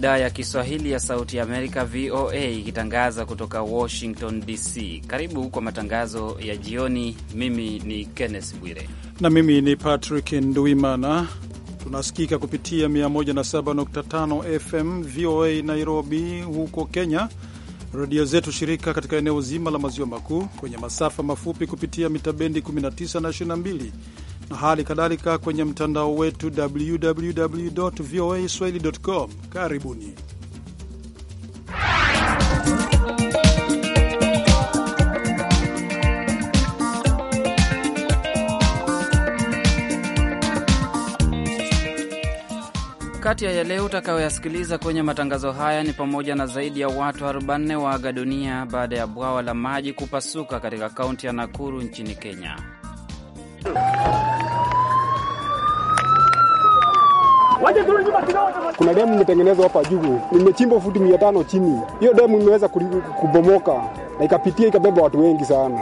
idhaa ya Kiswahili ya Sauti ya Amerika, VOA, ikitangaza kutoka Washington DC. Karibu kwa matangazo ya jioni. Mimi ni Kenneth Bwire na mimi ni Patrick Nduimana. Tunasikika kupitia 107.5 FM VOA Nairobi huko Kenya, redio zetu shirika katika eneo zima la maziwa makuu, kwenye masafa mafupi kupitia mita bendi 19 na 22 na hali kadhalika kwenye mtandao wetu www voa swahili com. Karibuni. Kati ya yale utakayoyasikiliza kwenye matangazo haya ni pamoja na zaidi ya watu 40 waaga dunia baada ya bwawa la maji kupasuka katika kaunti ya Nakuru nchini Kenya. Kuna demu imetengenezwa hapa juu, nimechimba futi mia chini. Hiyo demu imeweza kubomoka na ikapitia ikabeba watu wengi sana.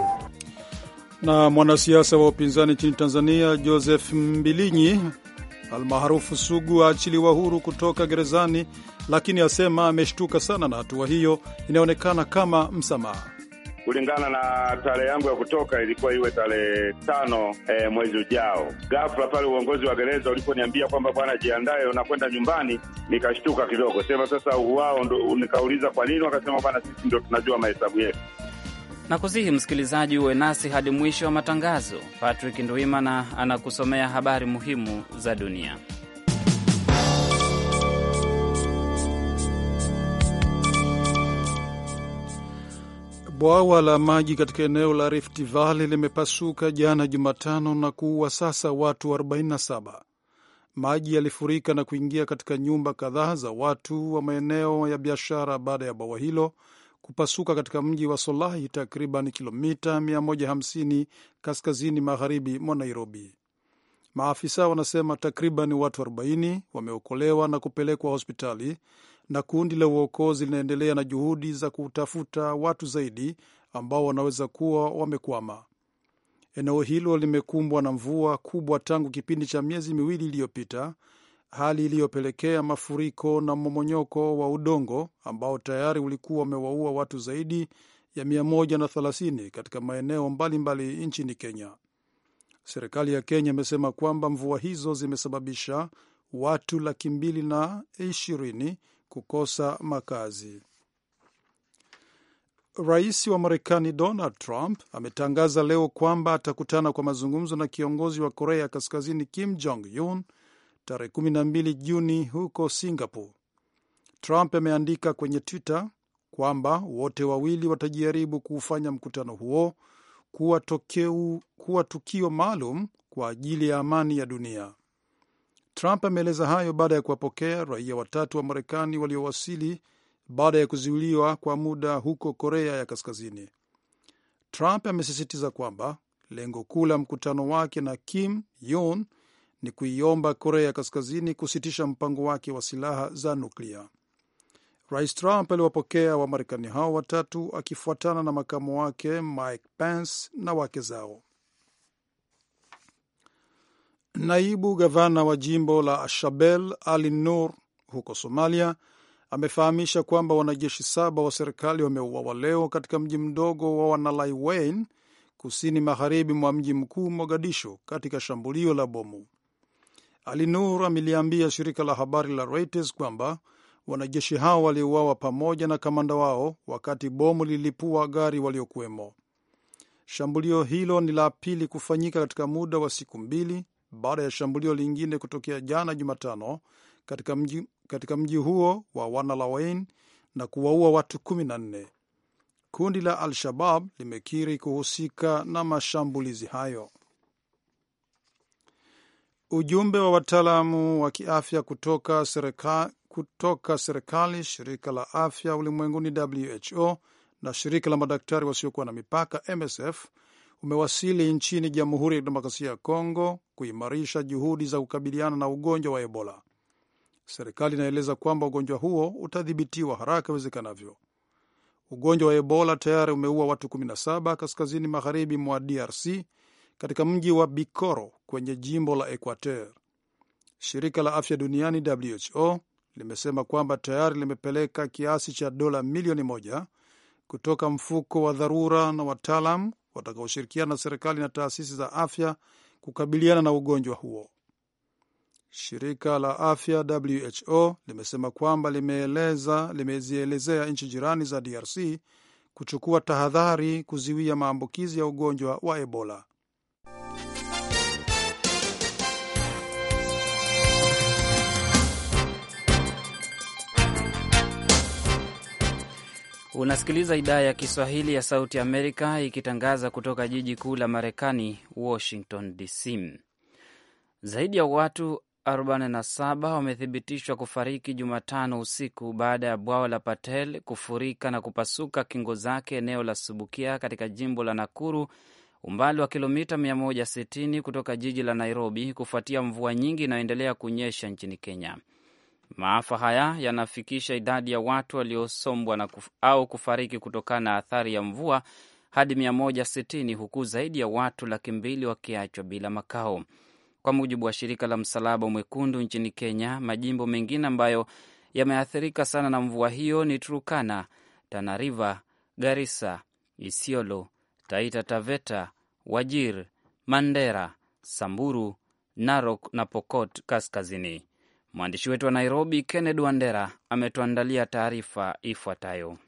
Na mwanasiasa wa upinzani nchini Tanzania Joseph Mbilinyi almaarufu Sugu aachiliwa huru kutoka gerezani, lakini asema ameshtuka sana na hatua hiyo, inaonekana kama msamaha kulingana na tarehe yangu ya kutoka ilikuwa iwe tarehe tano e, mwezi ujao. Ghafla pale uongozi wa gereza uliponiambia kwamba bwana, jiandaye unakwenda nyumbani, nikashtuka kidogo, sema sasa wao nikauliza kwa nini, wakasema bwana, sisi ndo tunajua mahesabu yetu. na kusihi msikilizaji uwe nasi hadi mwisho wa matangazo. Patrick Ndwimana anakusomea habari muhimu za dunia. Bwawa la maji katika eneo la Rift Valley limepasuka jana Jumatano na kuua sasa watu 47. Maji yalifurika na kuingia katika nyumba kadhaa za watu wa maeneo ya biashara baada ya bwawa hilo kupasuka katika mji wa Solahi, takriban kilomita 150 kaskazini magharibi mwa Nairobi. Maafisa wanasema takriban watu 40 wameokolewa na kupelekwa hospitali na kundi la uokozi linaendelea na juhudi za kutafuta watu zaidi ambao wanaweza kuwa wamekwama. Eneo hilo limekumbwa na mvua kubwa tangu kipindi cha miezi miwili iliyopita, hali iliyopelekea mafuriko na mmomonyoko wa udongo ambao tayari ulikuwa umewaua watu zaidi ya 130 katika maeneo mbalimbali mbali nchini Kenya. Serikali ya Kenya imesema kwamba mvua hizo zimesababisha watu laki mbili na ishirini kukosa makazi. Rais wa Marekani Donald Trump ametangaza leo kwamba atakutana kwa mazungumzo na kiongozi wa Korea ya Kaskazini Kim Jong Un tarehe 12 Juni huko Singapore. Trump ameandika kwenye Twitter kwamba wote wawili watajaribu kuufanya mkutano huo kuwa, kuwa tukio maalum kwa ajili ya amani ya dunia. Trump ameeleza hayo baada ya kuwapokea raia watatu wa Marekani waliowasili baada ya kuzuiliwa kwa muda huko Korea ya Kaskazini. Trump amesisitiza kwamba lengo kuu la mkutano wake na Kim Yon ni kuiomba Korea ya Kaskazini kusitisha mpango wake wa silaha za nuklia. Rais Trump aliwapokea Wamarekani hao watatu akifuatana na makamo wake Mike Pence na wake zao. Naibu gavana wa jimbo la shabel Ali Nur huko Somalia amefahamisha kwamba wanajeshi saba wa serikali wameuawa leo katika mji mdogo wa Wanalaiwein kusini magharibi mwa mji mkuu Mogadisho katika shambulio la bomu. Ali Nur ameliambia shirika la habari la Reuters kwamba wanajeshi hao waliuawa pamoja na kamanda wao wakati bomu lilipua gari waliokuwemo. Shambulio hilo ni la pili kufanyika katika muda wa siku mbili baada ya shambulio lingine kutokea jana Jumatano katika mji, katika mji huo wa Wanalawain na kuwaua watu kumi na nne. Kundi la Al-Shabab limekiri kuhusika na mashambulizi hayo. Ujumbe wa wataalamu wa kiafya kutoka serikali, kutoka serikali, shirika la afya ulimwenguni WHO na shirika la madaktari wasiokuwa na mipaka MSF umewasili nchini Jamhuri ya Kidemokrasia ya Kongo kuimarisha juhudi za kukabiliana na ugonjwa wa Ebola. Serikali inaeleza kwamba ugonjwa huo utadhibitiwa haraka iwezekanavyo. Ugonjwa wa Ebola tayari umeua watu 17 kaskazini magharibi mwa DRC katika mji wa Bikoro kwenye jimbo la Equateur. Shirika la afya duniani WHO limesema kwamba tayari limepeleka kiasi cha dola milioni moja kutoka mfuko wa dharura na wataalam watakaoshirikiana na serikali na taasisi za afya kukabiliana na ugonjwa huo. Shirika la afya WHO limesema kwamba limeeleza limezielezea nchi jirani za DRC kuchukua tahadhari kuziwia maambukizi ya ugonjwa wa Ebola. Unasikiliza idhaa ya Kiswahili ya Sauti Amerika ikitangaza kutoka jiji kuu la Marekani, Washington DC. Zaidi ya watu 47 wamethibitishwa kufariki Jumatano usiku baada ya bwawa la Patel kufurika na kupasuka kingo zake eneo la Subukia katika jimbo la Nakuru, umbali wa kilomita 160 kutoka jiji la Nairobi, kufuatia mvua nyingi inayoendelea kunyesha nchini Kenya. Maafa haya yanafikisha idadi ya watu waliosombwa na kuf, au kufariki kutokana na athari ya mvua hadi 160 huku zaidi ya watu laki mbili wakiachwa bila makao. Kwa mujibu wa shirika la Msalaba Mwekundu nchini Kenya, majimbo mengine ambayo yameathirika sana na mvua hiyo ni Turukana, Tana River, Garissa, Isiolo, Taita Taveta, Wajir, Mandera, Samburu, Narok na Pokot Kaskazini. Mwandishi wetu wa Nairobi, Kennedy Wandera, ametuandalia taarifa ifuatayo.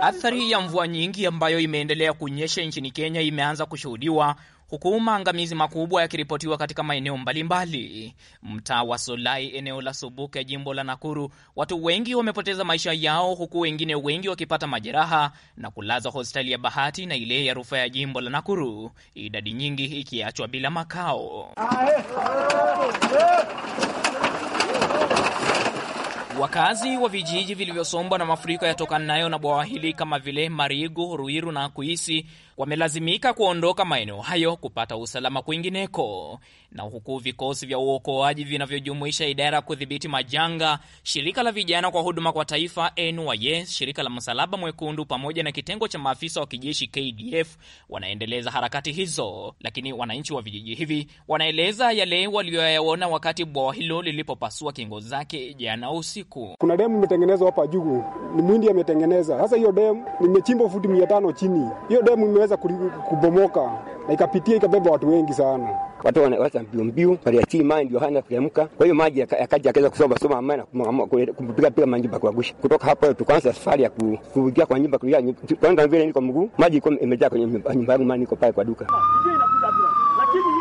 Athari ya mvua nyingi ambayo imeendelea kunyesha nchini Kenya imeanza kushuhudiwa huku maangamizi makubwa yakiripotiwa katika maeneo mbalimbali. Mtaa wa Solai, eneo la Subuke, jimbo la Nakuru, watu wengi wamepoteza maisha yao, huku wengine wengi wakipata majeraha na kulazwa hospitali ya Bahati na ile ya rufaa ya jimbo la Nakuru, idadi nyingi ikiachwa bila makao. Wakazi wa vijiji vilivyosombwa na mafuriko yatokanayo na bwawa hili kama vile Marigu, Ruiru na Kuisi wamelazimika kuondoka maeneo hayo kupata usalama kwingineko, na huku vikosi vya uokoaji vinavyojumuisha idara ya kudhibiti majanga, shirika la vijana kwa huduma kwa taifa NYS, shirika la msalaba mwekundu, pamoja na kitengo cha maafisa wa kijeshi KDF wanaendeleza harakati hizo, lakini wananchi wa vijiji hivi wanaeleza yale walioyaona wakati bwawa hilo lilipopasua kingo zake jana usiku. Kuna demu imetengenezwa hapa juu, ni mwindi ametengeneza. Sasa hiyo demu nimechimba futi mia tano chini, hiyo demu ikaweza kubomoka na ikapitia ikabeba watu wengi sana. Watu wanawacha mbio mbio pale chini, maji ndio hana kuamka. Kwa hiyo maji yakaja akaweza kusoma soma na kupiga piga manyumba kwa gushi. Kutoka hapo tukaanza safari ya kuingia kwa nyumba, kuingia kwanza vile niko mguu, maji iko imejaa kwenye nyumba yangu, maana niko pale kwa duka ah, lakini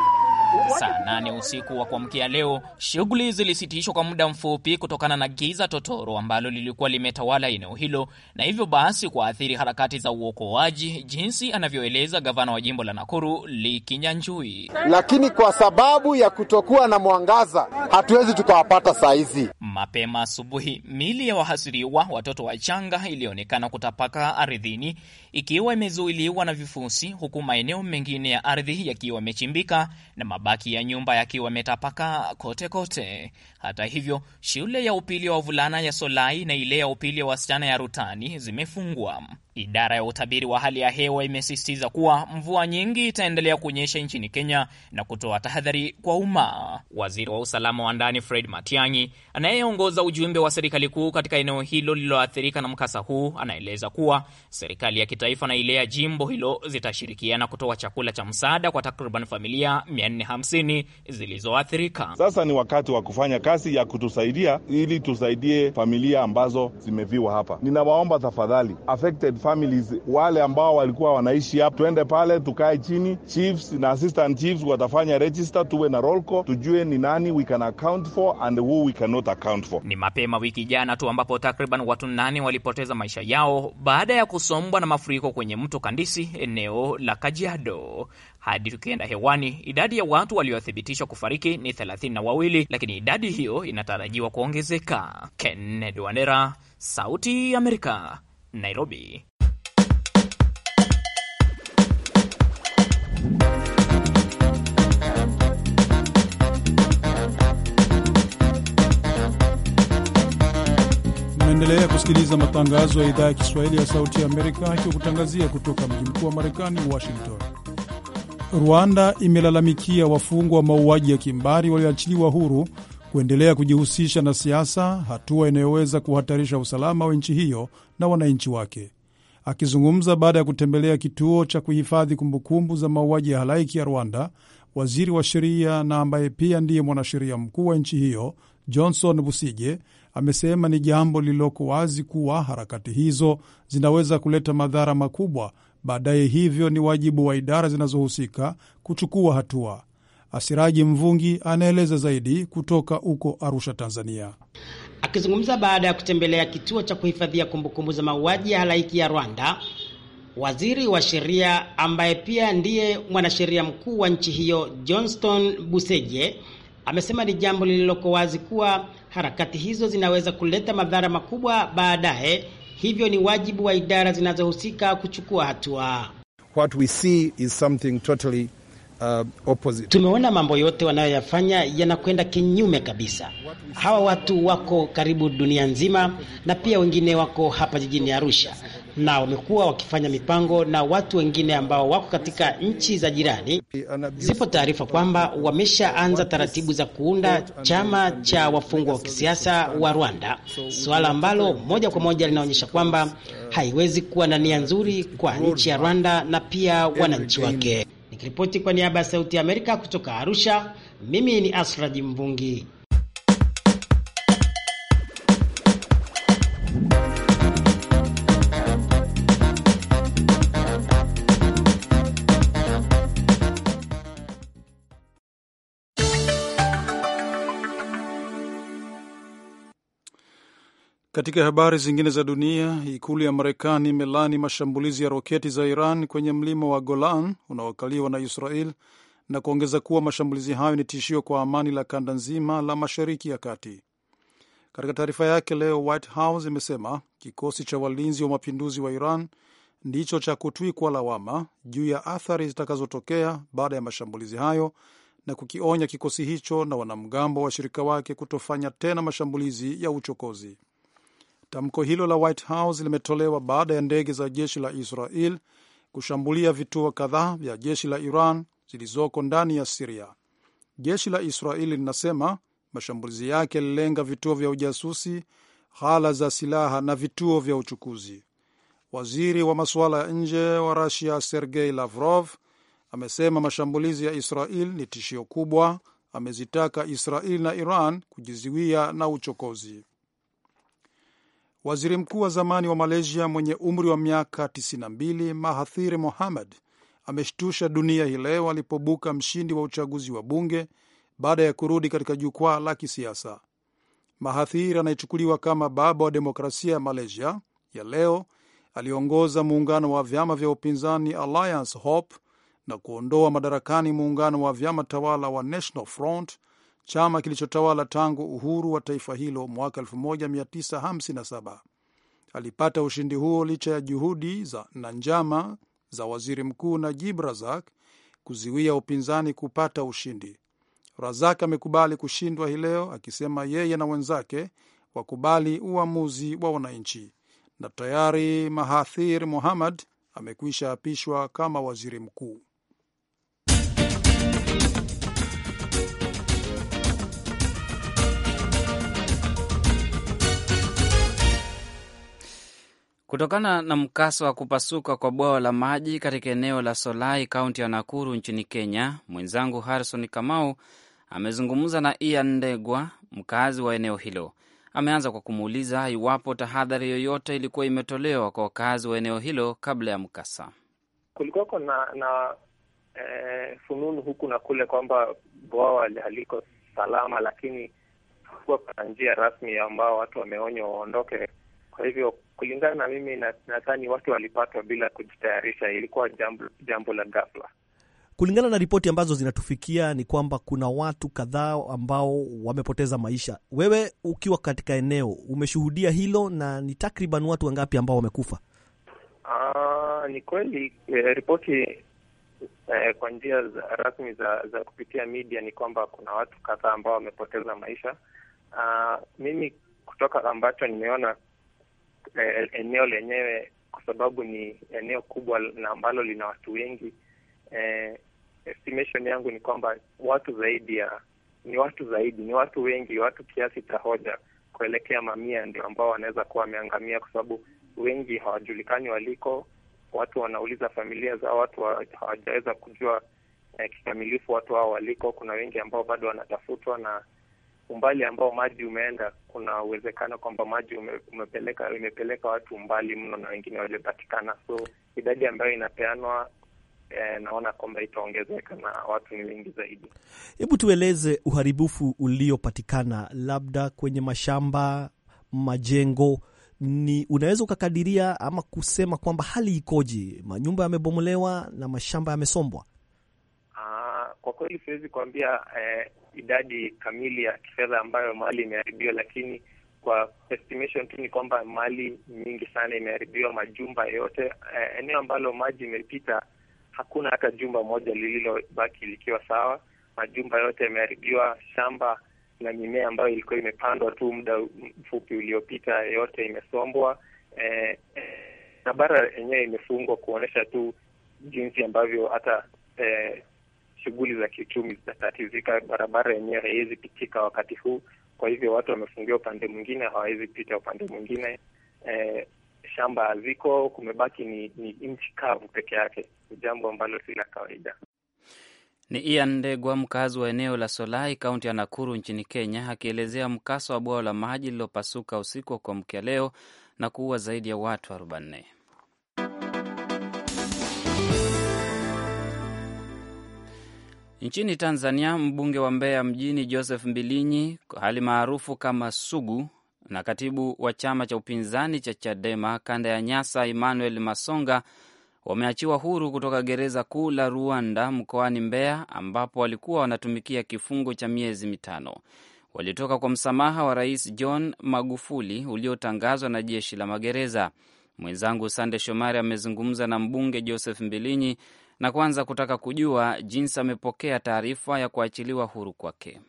Saa nane usiku wa kuamkia leo, shughuli zilisitishwa kwa muda mfupi kutokana na giza totoro ambalo lilikuwa limetawala eneo hilo na hivyo basi kuathiri harakati za uokoaji, jinsi anavyoeleza gavana wa jimbo la Nakuru Likinyanjui. Lakini kwa sababu ya kutokuwa na mwangaza, hatuwezi tukawapata saa hizi. Mapema asubuhi, Mili ya wahasiriwa watoto wachanga ilionekana kutapaka ardhini ikiwa imezuiliwa na vifusi, huku maeneo mengine ya ardhi yakiwa yamechimbika na mabaki mabaki ya nyumba yakiwa metapaka kote kote. Hata hivyo, shule ya upili ya wavulana ya Solai na ile ya upili ya wasichana ya Rutani zimefungwa. Idara ya utabiri wa hali ya hewa imesisitiza kuwa mvua nyingi itaendelea kunyesha nchini Kenya na kutoa tahadhari kwa umma. Waziri wa usalama wa ndani Fred Matiang'i, anayeongoza ujumbe wa serikali kuu katika eneo hilo lililoathirika na mkasa huu, anaeleza kuwa serikali ya kitaifa na ile ya jimbo hilo zitashirikiana kutoa chakula cha msaada kwa takriban familia 450 zilizoathirika. Sasa ni wakati wa kufanya kazi ya kutusaidia ili tusaidie familia ambazo zimeviwa hapa. Ninawaomba tafadhali affected families wale ambao walikuwa wanaishi hapa, tuende pale tukae chini, chiefs na assistant chiefs watafanya register, tuwe na roll call, tujue ni nani we can account for and who we cannot account for. Ni mapema wiki jana tu ambapo takriban watu nane walipoteza maisha yao baada ya kusombwa na mafuriko kwenye mto Kandisi, eneo la Kajiado. Hadi tukienda hewani, idadi ya watu waliothibitishwa kufariki ni thelathini na wawili, lakini idadi hiyo inatarajiwa kuongezeka. Kennedy Wandera, Sauti ya Amerika, Nairobi. Unaendelea kusikiliza matangazo ya idhaa ya Kiswahili ya Sauti ya Amerika akikutangazia kutoka mji mkuu wa Marekani, Washington. Rwanda imelalamikia wafungwa wa mauaji ya kimbari walioachiliwa huru kuendelea kujihusisha na siasa, hatua inayoweza kuhatarisha usalama wa nchi hiyo na wananchi wake. Akizungumza baada ya kutembelea kituo cha kuhifadhi kumbukumbu za mauaji ya halaiki ya Rwanda, waziri wa sheria na ambaye pia ndiye mwanasheria mkuu wa nchi hiyo Johnson Busije amesema ni jambo lililoko wazi kuwa harakati hizo zinaweza kuleta madhara makubwa baadaye, hivyo ni wajibu wa idara zinazohusika kuchukua hatua. Asiraji Mvungi anaeleza zaidi kutoka huko Arusha, Tanzania. Akizungumza baada ya kutembelea kituo cha kuhifadhia kumbukumbu za mauaji ya halaiki ya Rwanda, waziri wa sheria ambaye pia ndiye mwanasheria mkuu wa nchi hiyo Johnston buseje amesema ni jambo lililoko wazi kuwa harakati hizo zinaweza kuleta madhara makubwa baadaye, hivyo ni wajibu wa idara zinazohusika kuchukua hatua. What we see is something totally Uh, opposite. Tumeona mambo yote wanayoyafanya yanakwenda kinyume kabisa. Hawa watu wako karibu dunia nzima na pia wengine wako hapa jijini Arusha na wamekuwa wakifanya mipango na watu wengine ambao wako katika nchi za jirani. Zipo taarifa kwamba wameshaanza taratibu za kuunda chama cha wafungwa wa kisiasa wa Rwanda, suala ambalo moja kwa moja linaonyesha kwamba haiwezi kuwa na nia nzuri kwa nchi ya Rwanda na pia wananchi wake. Nikiripoti kwa niaba ya Sauti ya Amerika kutoka Arusha, mimi ni Asraji Mvungi. Katika habari zingine za dunia, ikulu ya Marekani imelani mashambulizi ya roketi za Iran kwenye mlima wa Golan unaokaliwa na Israel na kuongeza kuwa mashambulizi hayo ni tishio kwa amani la kanda nzima la Mashariki ya Kati. Katika taarifa yake leo, White House imesema kikosi cha walinzi wa mapinduzi wa Iran ndicho cha kutwikwa lawama juu ya athari zitakazotokea baada ya mashambulizi hayo na kukionya kikosi hicho na wanamgambo washirika wake kutofanya tena mashambulizi ya uchokozi. Tamko hilo la White House limetolewa baada ya ndege za jeshi la Israel kushambulia vituo kadhaa vya jeshi la Iran zilizoko ndani ya Siria. Jeshi la Israel linasema mashambulizi yake yalilenga vituo vya ujasusi, ghala za silaha na vituo vya uchukuzi. Waziri wa masuala ya nje wa Rusia Sergei Lavrov amesema mashambulizi ya Israel ni tishio kubwa. Amezitaka Israel na Iran kujizuia na uchokozi. Waziri mkuu wa zamani wa Malaysia mwenye umri wa miaka 92 Mahathir Mohamad ameshtusha dunia hii leo alipobuka mshindi wa uchaguzi wa bunge baada ya kurudi katika jukwaa la kisiasa. Mahathir anayechukuliwa kama baba wa demokrasia ya Malaysia ya leo aliongoza muungano wa vyama vya upinzani Alliance Hope na kuondoa madarakani muungano wa vyama tawala wa National Front chama kilichotawala tangu uhuru wa taifa hilo mwaka 1957. Alipata ushindi huo licha ya juhudi za na njama za waziri mkuu Najib Razak kuziwia upinzani kupata ushindi. Razak amekubali kushindwa hii leo, akisema yeye na wenzake wakubali uamuzi wa wananchi, na tayari Mahathir muhamad amekwisha apishwa kama waziri mkuu. Kutokana na mkasa wa kupasuka kwa bwawa la maji katika eneo la Solai, kaunti ya Nakuru nchini Kenya, mwenzangu Harrison Kamau amezungumza na Ian Ndegwa, mkazi wa eneo hilo. Ameanza kwa kumuuliza iwapo tahadhari yoyote ilikuwa imetolewa kwa wakazi wa eneo hilo kabla ya mkasa. Kulikuwako na, na e, fununu huku na kule kwamba bwawa haliko salama, lakini hakuwa kuna njia rasmi ambao watu wameonywa waondoke. Kwa hivyo kulingana na mimi, nadhani watu walipatwa bila kujitayarisha, ilikuwa jambo, jambo la ghafla. Kulingana na ripoti ambazo zinatufikia ni kwamba kuna watu kadhaa ambao wamepoteza maisha. Wewe ukiwa katika eneo umeshuhudia hilo, na ni takriban watu wangapi ambao wamekufa? Aa, ah, ni kweli eh, ripoti eh, kwa njia rasmi za, za kupitia media ni kwamba kuna watu kadhaa ambao wamepoteza maisha. Aa, ah, mimi kutoka ambacho nimeona eh, eneo lenyewe kwa sababu ni eneo kubwa na ambalo lina watu wengi eh, estimation yangu ni kwamba watu zaidi ya ni watu zaidi ni watu wengi watu kiasi cha hoja kuelekea mamia ndio ambao wanaweza kuwa wameangamia kwa sababu wengi hawajulikani waliko watu wanauliza familia zao watu hawajaweza kujua eh, kikamilifu watu hao waliko kuna wengi ambao bado wanatafutwa na umbali ambao maji umeenda, kuna uwezekano kwamba maji ume, umepeleka imepeleka watu mbali mno na wengine waliopatikana. So idadi ambayo inapeanwa eh, naona kwamba itaongezeka na watu ni wengi zaidi. Hebu tueleze uharibifu uliopatikana, labda kwenye mashamba, majengo ni unaweza ukakadiria ama kusema kwamba hali ikoje? Manyumba yamebomolewa na mashamba yamesombwa? Ah, kwa kweli siwezi kuambia eh, idadi kamili ya kifedha ambayo mali imeharibiwa, lakini kwa estimation tu ni kwamba mali nyingi sana imeharibiwa, majumba yote. Eh, eneo ambalo maji imepita hakuna hata jumba moja lililobaki likiwa sawa. Majumba yote yameharibiwa, shamba na mimea ambayo ilikuwa imepandwa tu muda mfupi uliopita yote imesombwa. Eh, eh, yenyewe imefungwa kuonyesha tu jinsi ambavyo hata eh, shughuli za kiuchumi zitatatizika, barabara yenyewe haiwezi pitika wakati huu. Kwa hivyo watu wamefungiwa upande mwingine, hawawezi pita upande mwingine. E, shamba haziko, kumebaki ni, ni nchi kavu peke yake, ni jambo ambalo si la kawaida. Ni Ian Ndegwa, mkazi wa eneo la Solai, kaunti ya Nakuru nchini Kenya, akielezea mkasa wa bwawa la maji lililopasuka usiku wa kuamkia leo na kuua zaidi ya watu arobaini. Nchini Tanzania, mbunge wa Mbeya Mjini Joseph Mbilinyi, hali maarufu kama Sugu, na katibu wa chama cha upinzani cha Chadema kanda ya Nyasa, Emmanuel Masonga, wameachiwa huru kutoka gereza kuu la Ruanda mkoani Mbeya, ambapo walikuwa wanatumikia kifungo cha miezi mitano. Walitoka kwa msamaha wa Rais John Magufuli uliotangazwa na jeshi la magereza. Mwenzangu Sande Shomari amezungumza na mbunge Joseph Mbilinyi na kwanza kutaka kujua jinsi amepokea taarifa ya kuachiliwa huru kwake.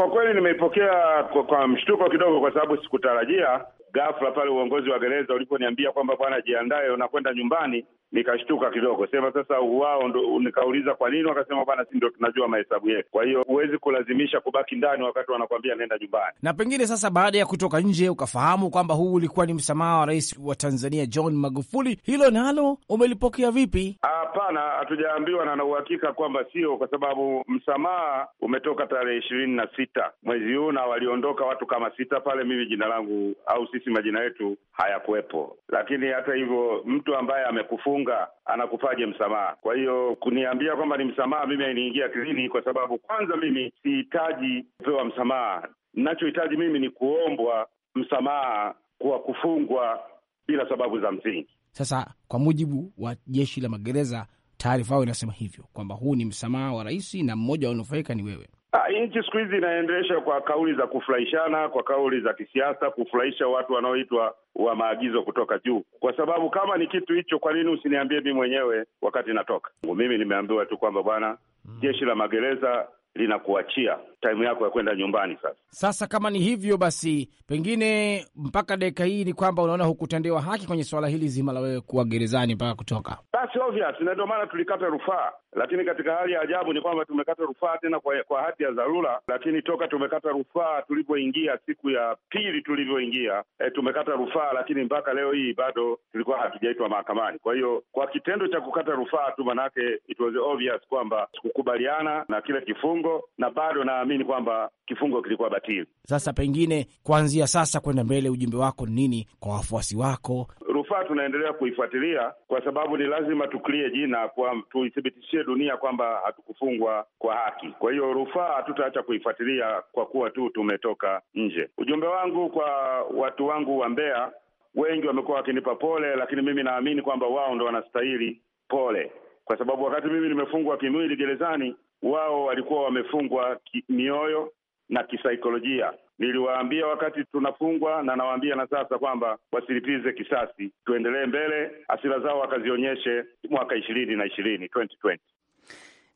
Kwa kweli nimeipokea kwa, kwa mshtuko kidogo, kwa sababu sikutarajia ghafla pale uongozi wa gereza uliponiambia kwamba bwana, jiandaye unakwenda nyumbani, nikashtuka kidogo, sema sasa wao ndo, nikauliza kwa nini, wakasema bwana, si ndo tunajua mahesabu yetu, kwa hiyo huwezi kulazimisha kubaki ndani wakati wanakwambia naenda nyumbani. Na pengine sasa, baada ya kutoka nje ukafahamu kwamba huu ulikuwa ni msamaha wa rais wa Tanzania John Magufuli, hilo nalo umelipokea vipi? Aa, ah, Hapana, hatujaambiwa na na uhakika kwamba sio, kwa sababu msamaha umetoka tarehe ishirini na sita mwezi huu na waliondoka watu kama sita pale. Mimi jina langu au sisi majina yetu hayakuwepo, lakini hata hivyo mtu ambaye amekufunga anakupaje msamaha? Kwa hiyo kuniambia kwamba ni msamaha, mimi ainiingia akilini, kwa sababu kwanza mimi sihitaji kupewa msamaha. Ninachohitaji mimi ni kuombwa msamaha kwa kufungwa bila sababu za msingi. Sasa kwa mujibu wa jeshi la magereza, taarifa yao inasema hivyo kwamba huu ni msamaha wa rais na mmoja wanufaika ni wewe. Ah, nchi siku hizi inaendesha kwa kauli za kufurahishana, kwa kauli za kisiasa, kufurahisha watu wanaoitwa wa maagizo kutoka juu. Kwa sababu kama ni kitu hicho, kwa nini usiniambie mi mwenyewe wakati natoka? Mimi nimeambiwa tu kwamba bwana, mm. jeshi la magereza linakuachia taimu yako ya kwenda nyumbani. Sasa sasa, kama ni hivyo basi, pengine mpaka dakika hii ni kwamba unaona hukutendewa haki kwenye suala hili zima la wewe kuwa gerezani mpaka kutoka, basi obvious, na ndio maana tulikata rufaa. Lakini katika hali ya ajabu ni kwamba tumekata rufaa tena kwa, kwa hati ya dharura, lakini toka tumekata rufaa tulivyoingia siku ya pili tulivyoingia, e, tumekata rufaa, lakini mpaka leo hii bado tulikuwa hatujaitwa mahakamani. Kwa hiyo kwa kitendo cha kukata rufaa tu, manake it was obvious kwamba sikukubaliana na kile kifungo kifungo, na bado naamini kwamba kifungo kilikuwa batili. Sasa pengine kuanzia sasa kwenda mbele, ujumbe wako ni nini kwa wafuasi wako? Rufaa tunaendelea kuifuatilia kwa sababu ni lazima tuklie jina, tuithibitishie dunia kwamba hatukufungwa kwa haki. Kwa hiyo rufaa hatutaacha kuifuatilia kwa kuwa tu tumetoka nje. Ujumbe wangu kwa watu wangu wa Mbeya, wengi wamekuwa wakinipa pole, lakini mimi naamini kwamba wao ndo wanastahili pole, kwa sababu wakati mimi nimefungwa kimwili gerezani wao walikuwa wamefungwa mioyo na kisaikolojia. Niliwaambia wakati tunafungwa, na nawaambia na sasa kwamba wasilipize kisasi, tuendelee mbele, hasira zao wakazionyeshe mwaka ishirini na ishirini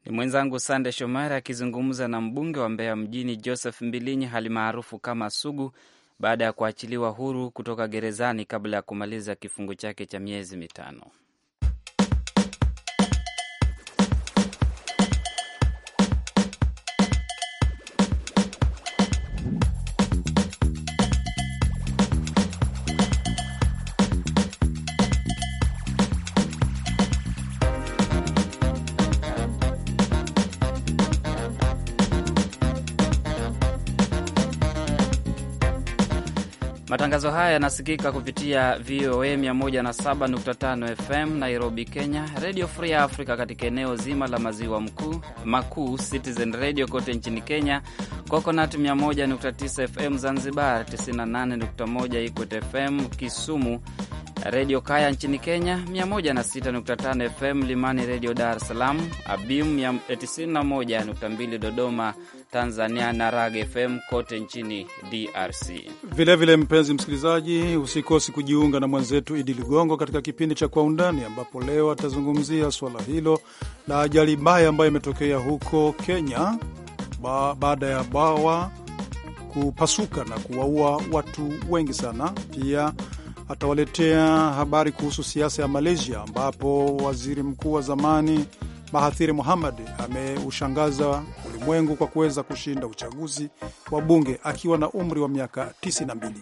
Ni mwenzangu Sande Shomari akizungumza na mbunge wa Mbeya mjini Joseph Mbilinyi hali maarufu kama Sugu baada ya kuachiliwa huru kutoka gerezani kabla ya kumaliza kifungo chake cha miezi mitano. haya yanasikika kupitia VOA 107.5 FM Nairobi, Kenya, Redio Free Africa katika eneo zima la maziwa makuu, Citizen Radio kote nchini Kenya, Coconut 101.9 FM Zanzibar, 98.1 Ikwet FM Kisumu, Redio Kaya nchini Kenya 106.5 FM, Limani Redio Dar es Salaam, Abim 91.2 Dodoma Tanzania na Rag FM kote nchini DRC. Vilevile vile, mpenzi msikilizaji, usikosi kujiunga na mwenzetu Idi Ligongo katika kipindi cha Kwa Undani, ambapo leo atazungumzia suala hilo la ajali mbaya ambayo imetokea huko Kenya ba, baada ya bawa kupasuka na kuwaua watu wengi sana. Pia atawaletea habari kuhusu siasa ya Malaysia ambapo waziri mkuu wa zamani Mahathiri muhammad ameushangaza ulimwengu kwa kuweza kushinda uchaguzi wa bunge akiwa na umri wa miaka 92.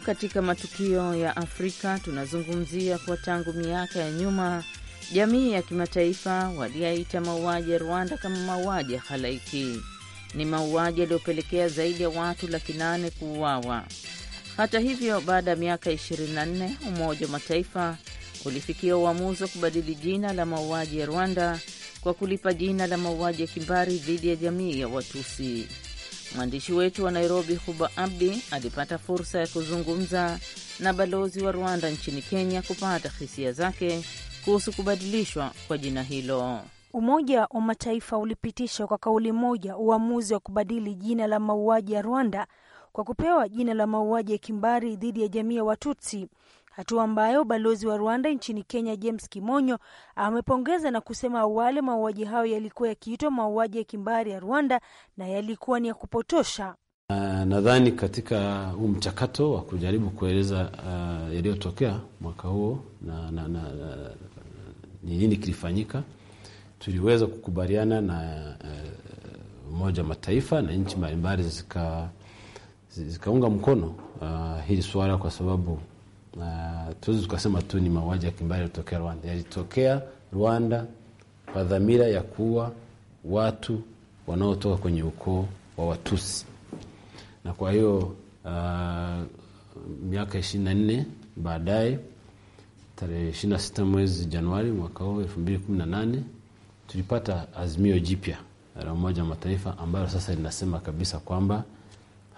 katika matukio ya Afrika tunazungumzia kwa tangu miaka ya nyuma jamii ya kimataifa waliyaita mauaji ya Rwanda kama mauaji ya halaiki. Ni mauaji yaliyopelekea zaidi ya watu laki nane kuuawa. Hata hivyo, baada ya miaka 24 Umoja wa Mataifa ulifikia uamuzi wa kubadili jina la mauaji ya Rwanda kwa kulipa jina la mauaji ya kimbari dhidi ya jamii ya Watusi. Mwandishi wetu wa Nairobi, Huba Abdi, alipata fursa ya kuzungumza na balozi wa Rwanda nchini Kenya kupata hisia zake kuhusu kubadilishwa kwa jina hilo. Umoja wa Mataifa ulipitisha kwa kauli moja uamuzi wa kubadili jina la mauaji ya Rwanda kwa kupewa jina la mauaji ya kimbari dhidi ya jamii ya Watutsi hatua ambayo balozi wa Rwanda nchini Kenya James Kimonyo amepongeza na kusema awali mauaji hayo yalikuwa yakiitwa mauaji ya kimbari ya Rwanda na yalikuwa ni ya kupotosha. Uh, nadhani katika huu mchakato wa kujaribu kueleza uh, yaliyotokea mwaka huo na, na, na, na uh, ni nini kilifanyika, tuliweza kukubaliana na uh, Umoja uh, Mataifa na nchi mbalimbali zikaunga zika mkono uh, hili suala kwa sababu tuwezi tukasema tu ni mauaji ya kimbari yalitokea Rwanda. Yalitokea Rwanda kwa dhamira ya kuwa watu wanaotoka kwenye ukoo wa Watusi, na kwa hiyo uh, miaka ishirini na nne baadaye tarehe sita mwezi Januari mwaka huu nane tulipata azimio jipya la Umoja wa Mataifa ambalo sasa linasema kabisa kwamba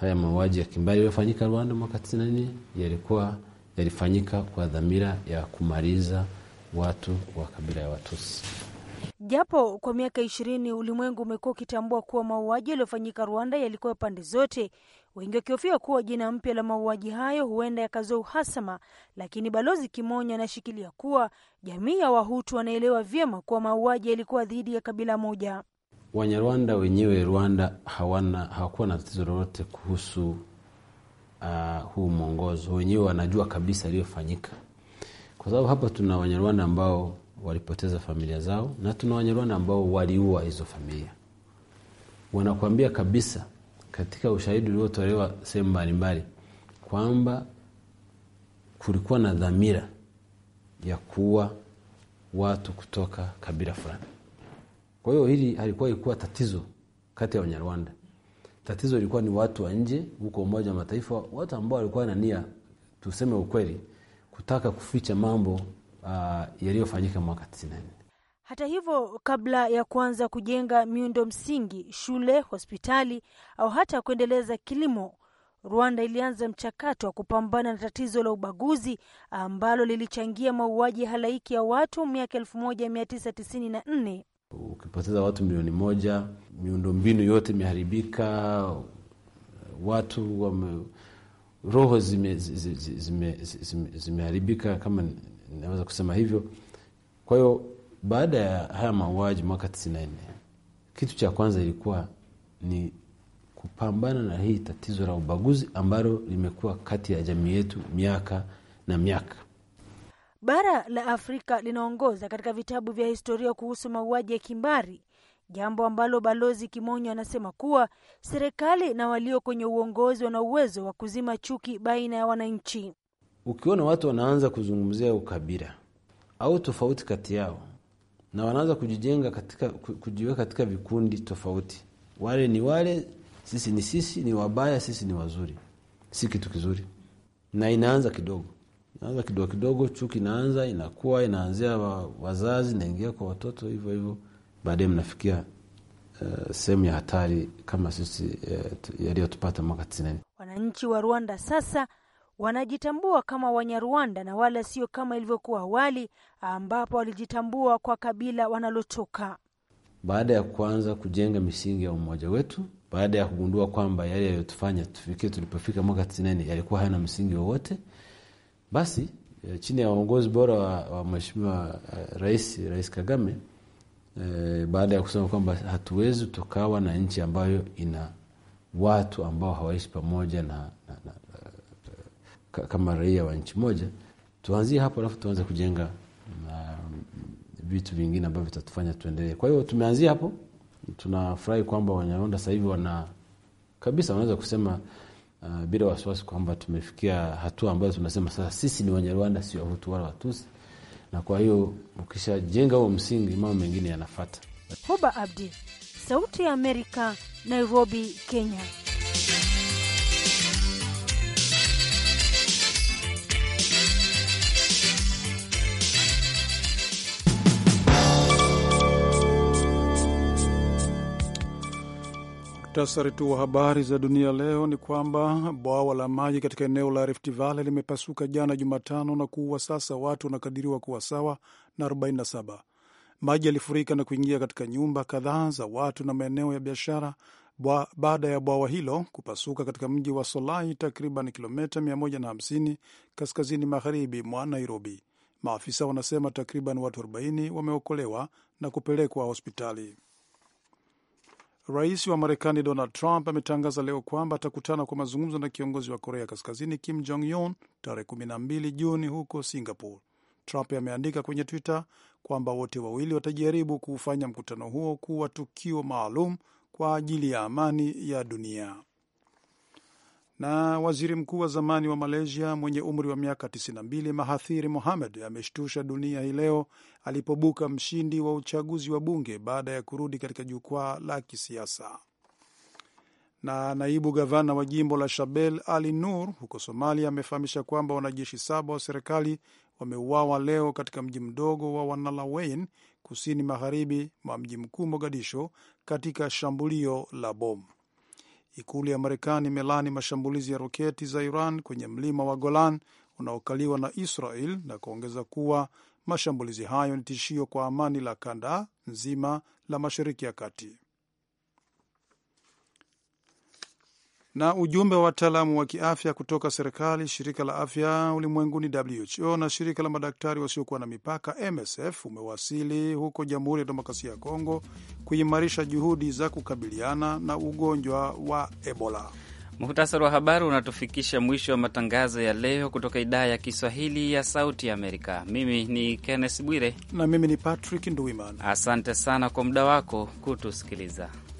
haya mauaji ya kimbari yaliyofanyika Rwanda mwaka 94 yalikuwa yalifanyika kwa dhamira ya kumaliza watu wa kabila ya Watusi. Japo kwa miaka ishirini ulimwengu umekuwa ukitambua kuwa mauaji yaliyofanyika Rwanda yalikuwa pande zote, wengi wakihofia kuwa jina mpya la mauaji hayo huenda yakazoa uhasama, lakini Balozi Kimonya anashikilia kuwa jamii ya Wahutu wanaelewa vyema kuwa mauaji yalikuwa dhidi ya kabila moja. Wanyarwanda wenyewe Rwanda hawana hawakuwa na tatizo lolote kuhusu uh, huu mwongozo wenyewe wanajua kabisa aliyofanyika, kwa sababu hapa tuna Wanyarwanda ambao walipoteza familia zao na tuna Wanyarwanda ambao waliua hizo familia. Wanakuambia kabisa katika ushahidi uliotolewa sehemu mbalimbali kwamba kulikuwa na dhamira ya kuua watu kutoka kabila fulani. Kwa hiyo hili halikuwa ikuwa tatizo kati ya Wanyarwanda Tatizo ilikuwa ni watu wa nje huko Umoja wa Mataifa, watu ambao walikuwa na nia, tuseme ukweli, kutaka kuficha mambo uh, yaliyofanyika mwaka 94. Hata hivyo, kabla ya kuanza kujenga miundo msingi, shule, hospitali au hata kuendeleza kilimo, Rwanda ilianza mchakato wa kupambana na tatizo la ubaguzi ambalo lilichangia mauaji halaiki ya watu miaka 1994 ukipoteza watu milioni moja, miundombinu yote imeharibika, watu wame, roho zimeharibika zime, zime, zime, zime kama naweza kusema hivyo. Kwa hiyo baada ya haya mauaji mwaka 94 kitu cha kwanza ilikuwa ni kupambana na hii tatizo la ubaguzi ambalo limekuwa kati ya jamii yetu miaka na miaka. Bara la Afrika linaongoza katika vitabu vya historia kuhusu mauaji ya kimbari, jambo ambalo Balozi Kimonyo anasema kuwa serikali na walio kwenye uongozi wana uwezo wa kuzima chuki baina ya wananchi. Ukiona watu wanaanza kuzungumzia ukabila au tofauti kati yao na wanaanza kujijenga katika, kujiweka katika vikundi tofauti, wale ni wale, sisi ni sisi, ni wabaya, sisi ni wazuri, si kitu kizuri, na inaanza kidogo naanza kidogo kidogo, chuki inaanza, inakuwa inaanzia wazazi, naingia kwa watoto, hivyo hivyo, baadaye mnafikia uh, sehemu ya hatari kama sisi uh, yaliyotupata mwaka tisinini. Wananchi wa Rwanda sasa wanajitambua kama Wanyarwanda na wala sio kama ilivyokuwa awali ambapo walijitambua kwa kabila wanalotoka. Baada ya kuanza kujenga misingi ya umoja wetu, baada ya kugundua kwamba yale yaliyotufanya tufikie tulipofika mwaka tisinini yalikuwa hayana msingi wowote basi eh, chini ya uongozi bora wa, wa mheshimiwa eh, rais Rais Kagame e, baada ya kusema kwamba hatuwezi tukawa na nchi ambayo ina watu ambao hawaishi pamoja na, na, na, kama raia wa nchi moja, tuanzie hapo, alafu tuanze kujenga vitu vingine ambavyo vitatufanya tuendelee. Kwa hiyo tumeanzia hapo, tunafurahi kwamba Wanyarwanda sasa hivi wana kabisa wanaweza kusema uh, bila wasiwasi kwamba tumefikia hatua ambayo tunasema sasa sisi ni Wanyarwanda, sio Wahutu wala Watusi. Na kwa hiyo ukishajenga huo msingi, mambo mengine yanafata. Hoba Abdi, Sauti ya Amerika, Nairobi, Kenya. Muktasari tu wa habari za dunia leo ni kwamba bwawa la maji katika eneo la Rift Valley limepasuka jana Jumatano na kuua sasa watu wanakadiriwa kuwa sawa na 47. Maji yalifurika na kuingia katika nyumba kadhaa za watu na maeneo ya biashara baada ya bwawa hilo kupasuka katika mji wa Solai, takriban kilomita 150 kaskazini magharibi mwa Nairobi. Maafisa wanasema takriban watu 40 wameokolewa na kupelekwa hospitali. Rais wa Marekani Donald Trump ametangaza leo kwamba atakutana kwa mazungumzo na kiongozi wa Korea Kaskazini Kim Jong Un tarehe 12 Juni huko Singapore. Trump ameandika kwenye Twitter kwamba wote wawili watajaribu kuufanya mkutano huo kuwa tukio maalum kwa ajili ya amani ya dunia. Na waziri mkuu wa zamani wa Malaysia mwenye umri wa miaka 92 Mahathiri Mohamed ameshtusha dunia hii leo alipobuka mshindi wa uchaguzi wa bunge baada ya kurudi katika jukwaa la kisiasa. Na naibu gavana wa jimbo la Shabelle Ali Nur huko Somalia amefahamisha kwamba wanajeshi saba wa serikali wameuawa leo katika mji mdogo wa Wanalawein kusini magharibi mwa mji mkuu Mogadisho katika shambulio la bomu. Ikulu ya Marekani imelani mashambulizi ya roketi za Iran kwenye mlima wa Golan unaokaliwa na Israel na kuongeza kuwa mashambulizi hayo ni tishio kwa amani la kanda nzima la Mashariki ya Kati. na ujumbe wa wataalamu wa kiafya kutoka serikali, shirika la afya ulimwenguni WHO na shirika la madaktari wasiokuwa na mipaka MSF umewasili huko Jamhuri ya Demokrasia ya Kongo kuimarisha juhudi za kukabiliana na ugonjwa wa Ebola. Muhtasari wa habari unatufikisha mwisho wa matangazo ya leo kutoka idhaa ya Kiswahili ya Sauti Amerika. Mimi ni Kenneth Bwire na mimi ni Patrick Nduimana. Asante sana kwa muda wako kutusikiliza.